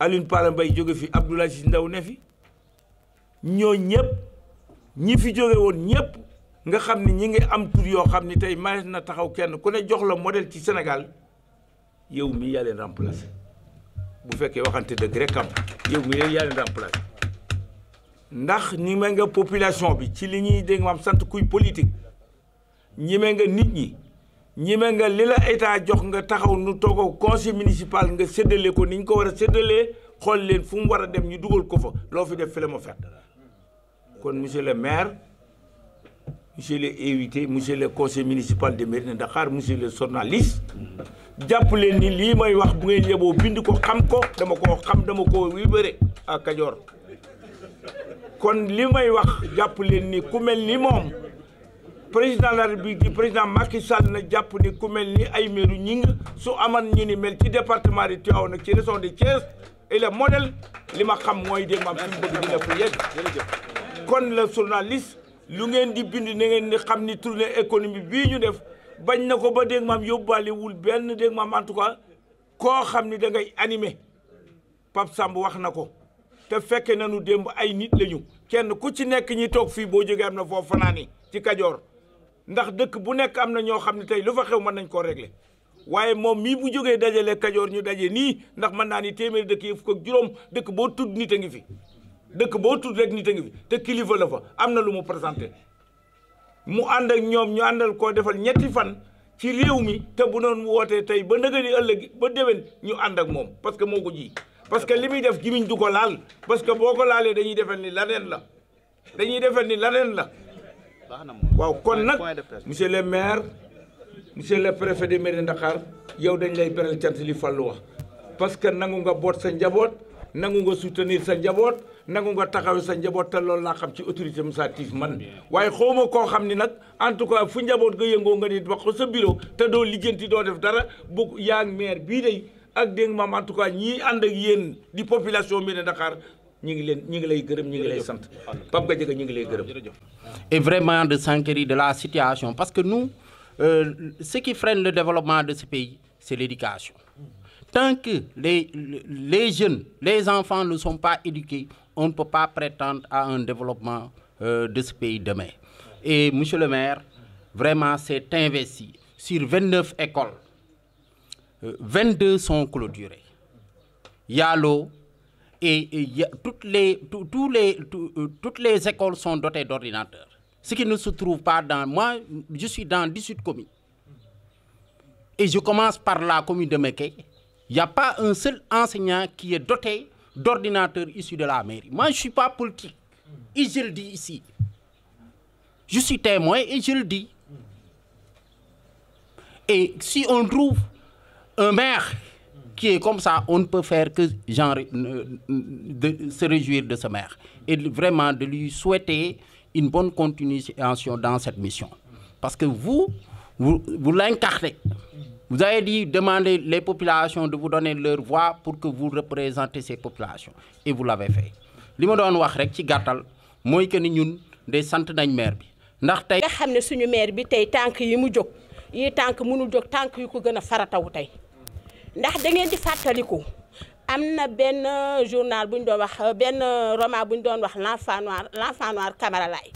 Alioune Pala Mbaye jóge fi Abdoul Aziz Ndaw ne fi ñoo ñëpp ñi fi jóge woon ñëpp nga xam ni ñi ngi am tur yoo xam ni tey manes na taxaw kenn ku ne jox la modèle ci senegal yow mi yaa leen bu fekkee waxante dëgg yow mi yaa leen ndax ñi me nga population bi ci li ñuy dégg am sant kuy politique ñi me nga nit ñi ñime nga li la état jox nga taxaw nu toogoo conseil municipal nga séddale ko ni ñu ko war a séddalee xool leen fu mu war a dem ñu dugal ko fa loo fi def fi la kon monsieur le maire monsieur le invité monsieur le conseil municipal de Mérina Dakhar monsieur le journaliste jàpp leen ni lii may wax bu ngeen yeboo bind ko xam ko dama koo xam dama koo wibéré à Kajoor kon lii may wax jàpp leen ni ku mel ni moom président de la république di président Macky Sall na jàpp ni ku mel ni ay meeru ñing su aman ñu ni mel ci département de aw nag ci région de Thiès et le li ma xam mooy dégg maam fi mu bëgg dina fa yegg kon la journaliste lu ngeen di bind na ngeen di xam ni tournée économique bii ñu def bañ na ko ba dégg maam yóbbaale wul benn dégg maam en tout cas koo xam ni da ngay animé Pape Samb wax na ko te fekke nañu démb ay nit lañu kenn ku ci nekk ñi toog fii boo jógee na foofu fanaani ci Kajoor ndax dëkk bu nekk am na ñoo xam ne tey lu fa xew man nañ koo régler waaye moom mii bu jógee dajale kajoor ñu daje nii ndax mën naa ni téeméer dëkk yi fukk ak juróom dëkk boo tudd nit a ngi fi dëkk boo tudd rek nit a ngi fi te kilifa la fa am na lu mu présenté mu ànd ak ñoom ñu àndal koo defal ñetti fan ci réew mi te bu doon wootee tey ba nëgëni ëllëg ba déwén ñu ànd ak moom parce que moo ko ji parce que li muy def gimiñ du ko laal parce que boo ko laalee dañuy defal ni laneen la dañuy defal ni laneen la waaw kon nag monsieur le maire monsieur le préfet de mairie Ndakar yow dañ lay beral cant li Fallou wax parce que nangu nga boot sa njaboot nangu nga soutenir sa njaboot nangu nga taxaw sa njaboot te loolu laa xam ci autorité administrative man waaye xawma koo xam ni nag en tout cas fu njaboot nga yëngoo nga nit wax sa bureau te doo lijjanti doo def dara bu yaa maire bii day ak dégg maam en tout cas ñii ànd ak yéen di population bi ne ñu ngi leen ñu ngi gërëm ñu ngi lay sant Pape Gadiaga ñu ngi lay gërëm. et vraiment de s'enquérir de la situation parce que nous euh, ce qui freine le développement de ce pays c'est l'éducation tant que les les jeunes les enfants ne sont pas éduqués on ne peut pas prétendre à un développement euh, de ce pays demain et monsieur le maire vraiment s'est investi sur 29 écoles euh, 22 sont clôturées Yallo et, et toutes les, tout, tout les, tout, euh, toutes les écoles sont dotées d'ordinateurs. Ce qui ne se trouve pas dans... Moi, je suis dans 18 communes. Et je commence par la commune de Meké. Il n'y a pas un seul enseignant qui est doté d'ordinateur issu de la mairie. Moi, je ne suis pas politique. Et je le dis ici. Je suis témoin et je le dis. Et si on trouve un maire qui comme ça, on ne peut faire que genre, euh, de se réjouir de ce maire et vraiment de lui souhaiter une bonne continuation dans cette mission. Parce que vous, vous, vous l'incarnez. Vous avez di demander les populations de vous donner leur voix pour que vous représentez ces populations. Et vous l'avez fait. li ma doon wax rek ci gàttal mooy que ni ñun day sant nañ maire bi ndax tey. nga xam ne suñu maire bi tey tànk yi mu jóg yi tànk mënul jóg tànk yi ko gën a faratawu tey. ndax da ngeen di fàttaliku am na benn journal bu ñu doon wax benn roman bu doon wax l'enfant noir l'enfant noir Camara Laye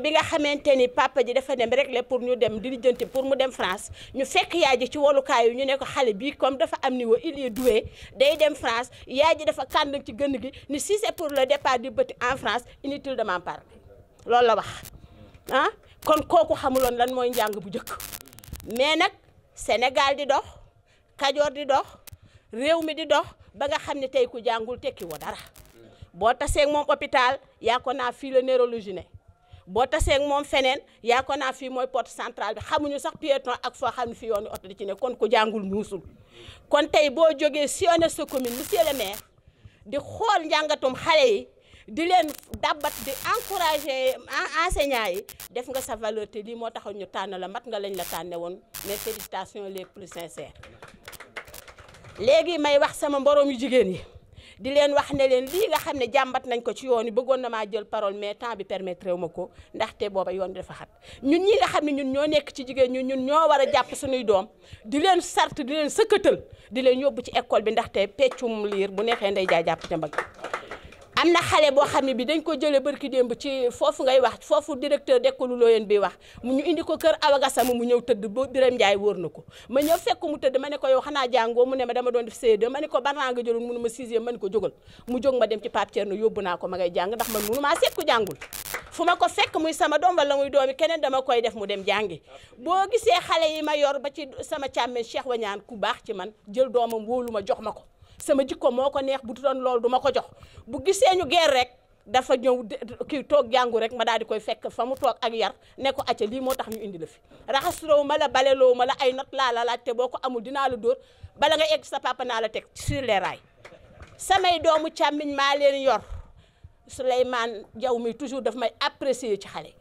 bi nga xamante ni papa ji dafa dem rek la pour ñu dem di lijjanti pour mu dem France ñu fekk yaay ji ci wolukaayu ñu ne ko xale bi comme dafa am niveau il est doué day dem France yaay ji dafa kànd ci gën gi ni si c'est pour le départ di petit en France inutile de m'en parler loolu la wax ah kon kooku xamuloon lan mooy njàng bu njëkk mais nag Sénégal di dox. kajoor di dox réew mi di dox ba nga xam ne tey ku jàngul tekki woo dara boo tasee moom hôpital yaa ko naa fii la neurologie ne boo tasee moom feneen yaa ko naa fii mooy porte centrale bi xamuñu sax piéton ak foo xam ne fii yoonu oto ci ne kon ku jàngul muusul kon tey boo jógee sillonné sa commune monsieur le maire di xool njàngatum xale yi di leen dabat di encourager enseignants yi def nga sa valeur te lii moo taxoon ñu tànn la mat nga lañ la tànne woon mais félicitations les plus sincères léegi may wax sama mborom yu jigéen yi di leen wax ne leen lii nga xam ne jàmbat nañ ko ci yoon yi bëggoon na maa jël parole mais temps bi permettre wu ma ko ndaxte booba yoon dafa xat ñun ñi nga xam ne ñun ñoo nekk ci jigéen ñun ñun ñoo war a jàpp suñuy doom di leen sart di leen sëkkatal di leen yóbbu ci école bi ndaxte peccum liir bu neexee ndey jaay jàpp ca mbagg am na xale boo xam ne bi dañ ko jëlee barki démb ci foofu ngay wax foofu directeur d'école looyeen bi wax mu ñu indi ko kër awagasama mu ñëw tëdd boo Birame njaay wóor na ko ma ñëw fekk mu tëdd ma ne ko yow xanaa jàngoo mu ne ma dama doon def CE2 ne ko ban rang nga mu ne ma sixième ma ko jógal mu jóg ma dem ci Pape Thierno yóbbu naa ko ma ngay jàng ndax man munu maa seet ku jàngul fu ma ko fekk muy sama doom wala muy doomi keneen dama koy def mu dem jàngi boo gisee xale yi ma yor ba ci sama càmmee Cheikh ñaan ku baax ci man jël doomam wóolu ma jox ma ko sama jikko moo ko neex bu doon loolu duma ko jox bu gisee ñu geer rek dafa ñëw kii toog jàngu rek ma daal di koy fekk fa mu toog ak yar ne ko acca lii moo tax ñu indi la fi raxasloo ma la baleloo ma la ay not laa la laaj te boo ko amul dinaa la dóor bala nga egg sa papa naa la teg sur les rails samay doomu càmmiñ maa leen yor maan Diaw mi toujours dafa may apprécier ci xale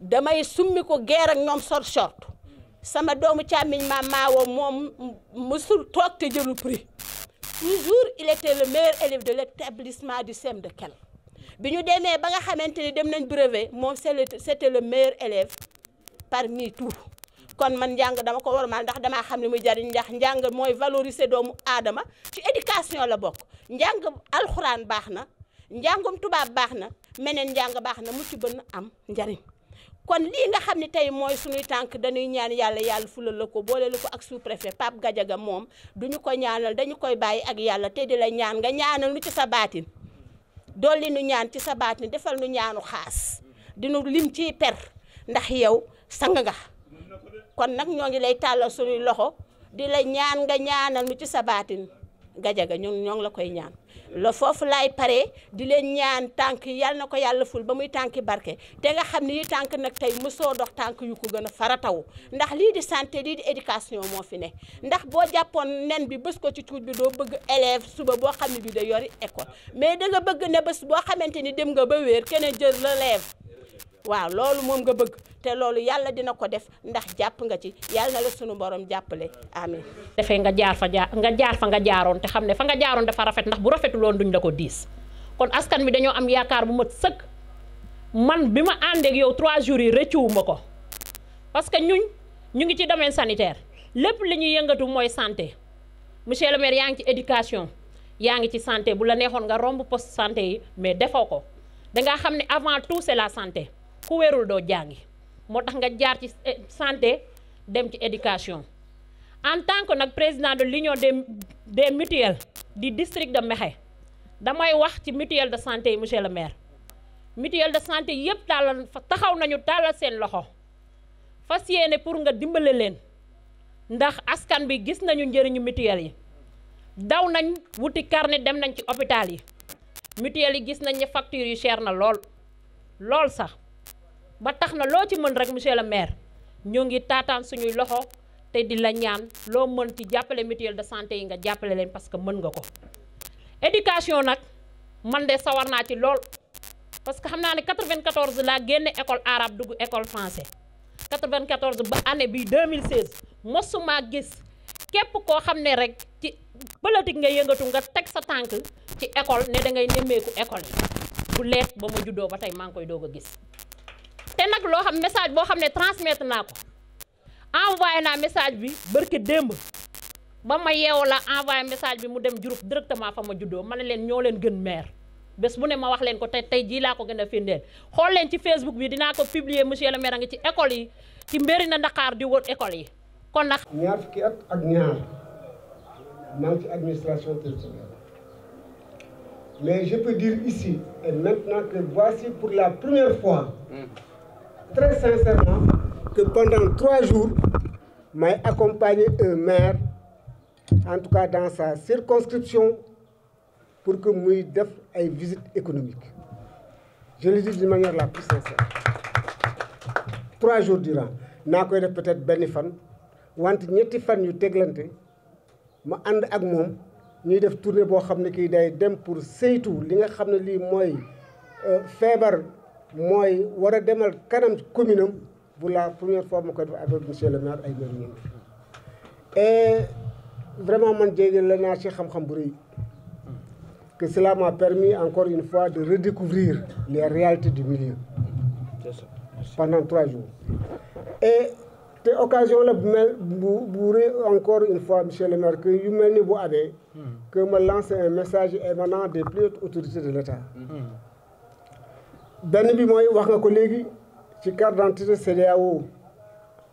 damay summi ko geer ak ñoom sor short sama doomu càmmiñ ma maawoo moom mësul toog te jëlu toujours il était le meilleur élève de l'établissement du CEM de Kell bi ñu demee ba nga xamante ni dem nañ brevet moom c'était le meilleur élève parmi tout kon man njàng dama ko war maal ndax damaa xam ne muy jariñ ndax njàng mooy valoriser doomu aadama ci éducation la bokk njàng alxuraan baax na njàngum tubaab baax na meneen njàng baax na mu ci bën am njariñ kon lii nga xam ni tey mooy suñuy tànk dañuy ñaan yàlla yàlla fulal la ko boole la ko ak sous-préfet Pape Gadiaga moom ñu ko ñaanal dañu koy bàyyi ak yàlla te di la ñaan nga ñaanal nu ci sa baatin doo dolli nu ñaan ci sa baatin defal nu ñaanu xaas dinu lim ciy per ndax yow sang nga kon nag ñoo ngi lay tàllal suñuy loxo di la ñaan nga ñaanal nu ci sa baatin Gadiaga ñun ñoo ngi la koy ñaan la foofu laay pare di leen ñaan tànk yal na ko yàlla ful ba muy tànki barke te nga xam ni tànk nag tey soo dox tànk yu ko gën a farataw ndax lii di santé lii di éducation moo fi ne ndax boo jàppoon nen bi bés ko ci tuut bi doo bëgg élève suba boo xam ne bi da yori école mais da nga bëgg na bés boo xamante ni dem nga ba wéer keneen jël l'élève waaw loolu moom nga bëgg te loolu yàlla dina ko def ndax jàpp nga ci yàlla la sunu borom jàppale amin defee nga jaar fa jaar nga jaar fa nga jaaroon te xam ne fa nga jaaroon dafa rafet ndax bu rafetuloon duñ la ko diis kon askan bi dañoo am yaakaar bu mat sëkk man bi ma àndeek yow trois jours yi rëccuwuma ko parce que ñun ñu ngi ci domaine sanitaire lépp li ñuy yëngatu mooy santé monsieur le maire yaa ngi ci éducation yaa ngi ci santé bu la neexoon nga romb poste santé yi mais defoo ko dangaa xam ne avant tout c'est la santé ku weerul doo jàngi moo tax nga jaar ci eh, santé dem ci éducation en tant que nag président de l'union des des mutuelles du district de Mekhe damay wax ci mutuelle de santé yi monsieur le maire mutuelle de santé yëpp tàllal fa taxaw nañu tàllal seen loxo fas yéene pour nga dimbale leen ndax askan bi gis nañu njëriñu mutuelle yi daw nañ wuti carnet dem nañ ci hôpital yi mutuelle yi gis nañ ne factures yi cher na lool lool sax ba tax na loo ci mën rek monsieur le maire ñoo ngi taataan suñuy loxo te di la ñaan loo mën ci jàppale mutuelle de santé yi nga jàppale leen parce que mën nga ko éducation nag man de sawar naa ci lool parce que xam naa ne 94 laa génne école arabe dugg école français 94 ba année bi 2016 mosuma gis képp koo xam ne rek ci politique nga yëngatu nga teg sa tànk ci école ne da ngay nemmeeku école yi bu leet ba ma juddoo ba tey maa ngi koy doog a gis te nag loo xam message boo xam ne transmettre naa ko envoyé naa message bi barke démb ba ma yeewu la envoyé message bi mu dem Diouroup directement fa ma juddoo ma ne leen ñoo leen gën maire bés bu ne ma wax leen ko tey tey jii laa ko gën a firndeel xool leen ci Facebook bi dinaa ko publier monsieur le maire a ngi ci école yi ci mbéri na ndaxaar di wër école yi kon na ñaar fukki at ak ñaar maa ngi ci administration territoriale mais je peux dire pour la première fois. Hmm. très sincèrement que pendant trois jours may accompagner un maire en tout cas dans sa circonscription pour que muy def ay visites économiques je le ma de manière la sincère trois jours durant naa koy def peut-être benn fan wante ñetti fan yu teglante ma ànd ak moom ñuy def tournée boo xam ne kii day dem pour saytu li nga xam ne lii mooy euh, feebar mooy war a demal kanam commune bu la première fois ma koy def avec monsieur le maire ay maire ñun et vraiment man jéggi la naa ci xam-xam bu rëy que cela m'a permis encore une fois de redécouvrir les réalités du milieu pendant trois jours et te occasion la bu mel bu bu rëy encore une fois monsieur le maire que yu mel ni bu amee hmm. que ma lance un message émanant des plus hautes autorités de l'État hmm. benn bi mooy wax nga ko léegi ci carte d'identité CEDEAO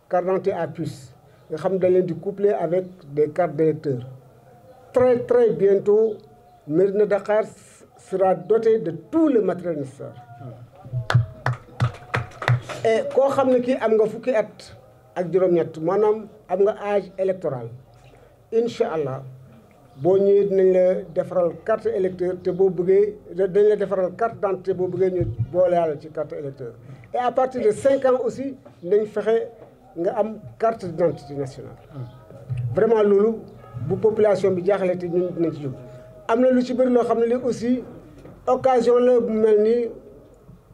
carte d'identité à puce nga xam dañ leen di coupler avec des cartes d'électeurs très très bientôt Médina Dakar sera doté de tout les matériel nécessaire et koo xam ne kii am nga fukki at ak juróom-ñett maanaam am nga âge électoral incha allah boo ñëwee dinañ la defaral carte électeur te boo bëggee dañ la defaral carte d'identité boo buggee ñu booleyaale ci carte électeur et à partir de cinq ans aussi nañ fexe nga am carte d'identité nationale vraiment loolu bu population bi jaaxle te ñun dinañ ci jóg am na lu ci bëri loo xam ne li aussi occasion la bu mel ni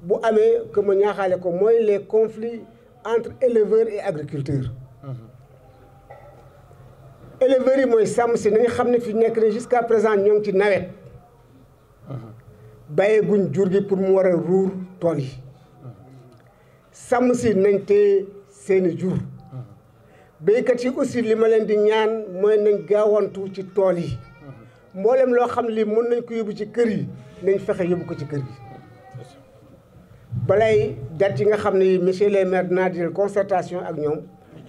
bu amee que ma ñaaxaale ko mooy les conflits entre éleveurs et agriculteurs mmh. éleveurs yi mooy sàmm si nañu xam ne fi nekk ne jusqu'à présent ñoo ngi ci nawet bàyyeeguñ jur gi pour mu war a ruur tool yi sàmm si nañ téye seeni jur béykat yi aussi li ma leen di ñaan mooy nañ gaawantu ci tool yi mboolem loo xam lii mën nañ ko yóbbu ci kër yi nañ fexe yóbbu ko ci kër yi balay dat yi nga xam ni monsieur le maire dinaa di concertation ak ñoom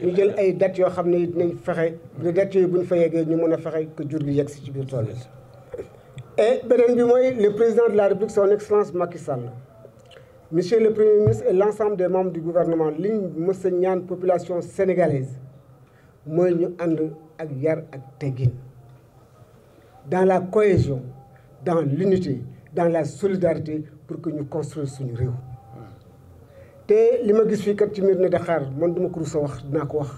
ñu jël ay dettes yoo xam ne dinañ fexe ne dettes yooyu bu ñu fa yeggee ñu mun a fexe que jur gi yegg si ci biir tool yi. et beneen bi mooy le président de la république son excellence Macky Sall monsieur le premier ministre et l' ensemble des membres du gouvernement ñaan population sénégalaise mooy ñu ànd ak yar ak teggin dans la cohésion dans l'unité dans la solidarité pour que ñu construise suñu réew. te li ma gis fii kat ci Médina Dakhar man duma ko rus a wax dinaa ko wax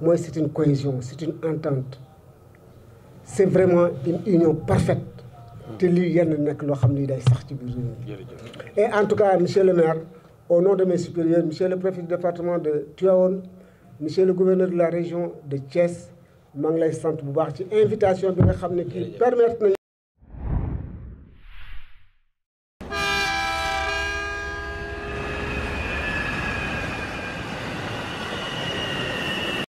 mooy c'est une cohésion c'est une entente c'est vraiment une union parfaite te lii yenn nekk loo xam ni day sax ci biir et en tout cas monsieur le maire au non deme mes supérieurs monsieur le préfet du département de Tivaouane monsieur le gouverneur de la région de Thiès maa ngi lay sant bu baax ci invitation bi nga xam ne ci permettre nañu